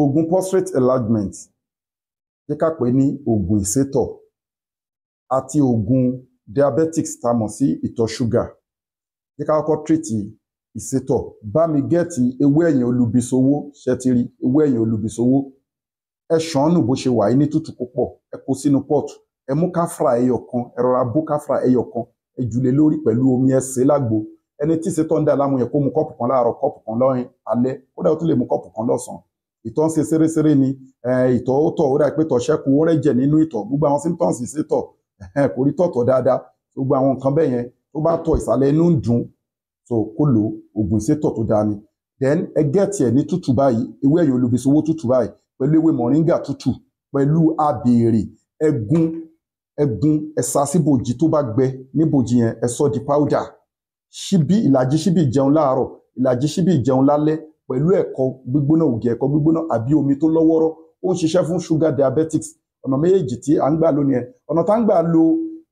Ogun prostate enlargement jẹ́ ká pè ní oògùn ìsétọ̀ àti oògùn diabetics tá a mọ̀ sí ìtọ̀ ṣúgà jẹ́ ká kọ́kọ́ tírìtì ìsétọ̀ bá mi gẹ́ẹ̀tì ewé ẹ̀yìn olùbisowó ṣẹ́tìrì ewé ẹ̀yìn olùbisowó ẹ ṣàn án nù bó ṣe wà yìí ní tútù púpọ̀ ẹ kó sínú pọ́ọ̀tù ẹ mú káfra ẹyọ kan ẹ rọra bó káfra ẹyọ kan ẹ jùlé lórí pẹ̀lú omi ẹ lágbo ẹni tí ìsétọ̀ ń dà láàmú yẹn kó mu kọ́ọ̀pù kan láàárọ̀ kọ́ọ̀pù kan lọ́rin alẹ́ kódà ó tún lè mu kọ́ọ̀pù kan lọ́sàn-án ìtọ̀ ń ṣe ṣeréṣeré ni eh, ìtọ̀ ó tọ̀ ó dà pé tọ̀ ṣẹ́kù ó rẹ̀jẹ̀ nínú ìtọ̀ gbogbo àwọn symptoms ṣe tọ̀ eh, kò rí tọ̀tọ̀ dáadáa gbogbo àwọn nǹkan bẹ́ẹ̀ yẹn tó bá tọ̀ ìsàlẹ̀ inú ń dùn so kó lo oògùn ìṣètọ̀ tó dáa ni then ẹgẹ́ tiẹ̀ ní tútù báyìí ewé ẹ̀yọ́ olùbíṣowó tútù báyìí pẹ̀lú ewé mọ̀ríngà tútù pẹ̀lú abèrè ẹ̀gún ẹ̀gún ẹ̀sà síbòjì tó bá gbẹ níbòjì yẹn ẹ̀sọ́ di powder ṣíbí ìlàjì ṣíbí ìjẹun láàárọ̀ ìlàjì ṣíbí ìjẹun lálẹ́ pẹ̀lú ẹ̀kọ gbígbóná ògì ẹ̀kọ gbígbóná àbí omi tó lọ́wọ́rọ́ ó ń ṣiṣẹ́ fún sugar diabetics ọ̀nà méjèèjì tí à ń gbà lónìí ẹ̀ ọ̀nà tá ń gbà lo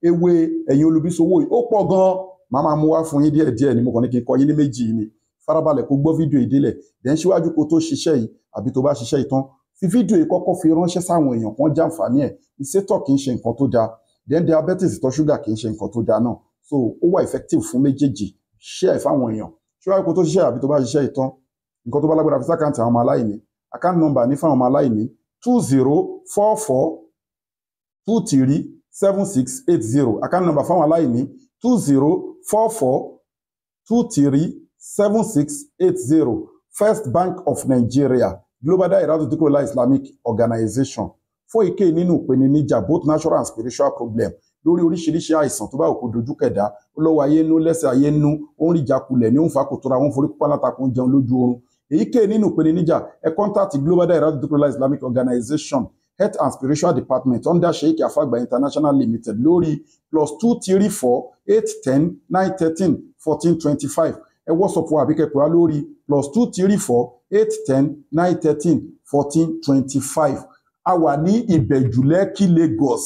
ewé ẹ̀yìn olùbísowó yìí ó pọ̀ gan-an màá máa mú wá fún yín díẹ̀ ni mo kàn ní kí n kọ́ yín ní méjì yìí ni farabalẹ̀ kó gbọ́ fídíò ìdílẹ̀ dẹ̀ ń síwájú kó tó ṣiṣẹ́ yìí àbí tó bá ṣiṣẹ́ yìí tán fi fídíò yìí kọ́kọ́ fi ránṣẹ́ sáwọn èèyàn kan jàǹfààní ẹ̀ ìsétọ̀ kì í ṣe nǹkan tó dáa then diabetes ìtọ̀ ṣúgà kì í ṣe nǹkan tó dáa náà so ó wà effective fún méjèèjì share fáwọn èèyàn síwájú kó tó ṣiṣẹ́ àbí tó bá ṣiṣẹ́ yìí tán nǹkan tó bá lágbára fi sákàǹtì àwọn ọmọ aláìní account number ní fáwọn ọmọ aláìní two zero four four two three seven six eight zero account number fáwọn aláìní two zero four four two three seven six eight zero First Bank of Nigeria Global Dahiratu Dhikrlahi Islamic Organization fún èké nínú ìpèníjà both natural and spiritual problem lórí oríṣiríṣi àìsàn tó bá òkú dojú kẹdá ó lọ́wọ́ ayé nú lẹ́sẹ̀ ayé nú ó ń rí ìjákulẹ̀ ní òun fa kòtòrò àwọn forí pípa látakùn jẹun lójú oorun èyíkéyìí nínú ìpele níjà ẹ contact global dahiratu dhikrlahi islamic Organisation, health and spiritual department under sheikh afagba international limited lórí plus two three four eight ten nine thirteen fourteen twenty five ẹ whatsapp wa àbí kẹ́kọ̀ọ́ lórí plus two three four eight ten nine thirteen fourteen twenty five a wà ní ìbẹ̀jùlẹ́kì lagos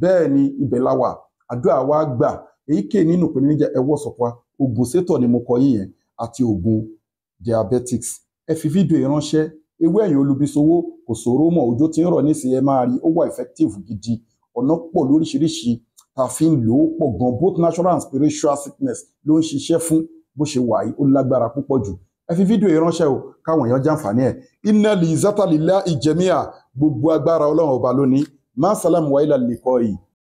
bẹ́ẹ̀ ni ibẹ̀ la wà àdúrà wa gbà èyíkéyìí nínú ìpele níjà ẹ whatsapp wa ògùn sétọ̀ ni mo kọ yín yẹn àti ògùn diabetics ẹ fi fídíò yìí ránṣẹ́ ewé ẹ̀yìn olùbíṣòwò kò ṣòro mọ̀ òjò tí ń rọ̀ nísìnyí ẹ máa ó wà effective gidi ọ̀nà pọ̀ lóríṣiríṣi tá fi ń lò ó pọ̀ gan both natural and spiritual sickness ló ń ṣiṣẹ́ fún bó ṣe wà yìí ó lágbára púpọ̀ jù ẹ fi fídíò yìí o káwọn èèyàn jàǹfààní ẹ̀ iná lè zátàlílá ìjẹmíà gbogbo agbára ọlọ́run ọba lónìí má sálàmù wáyé lálẹ́ kọ́ yìí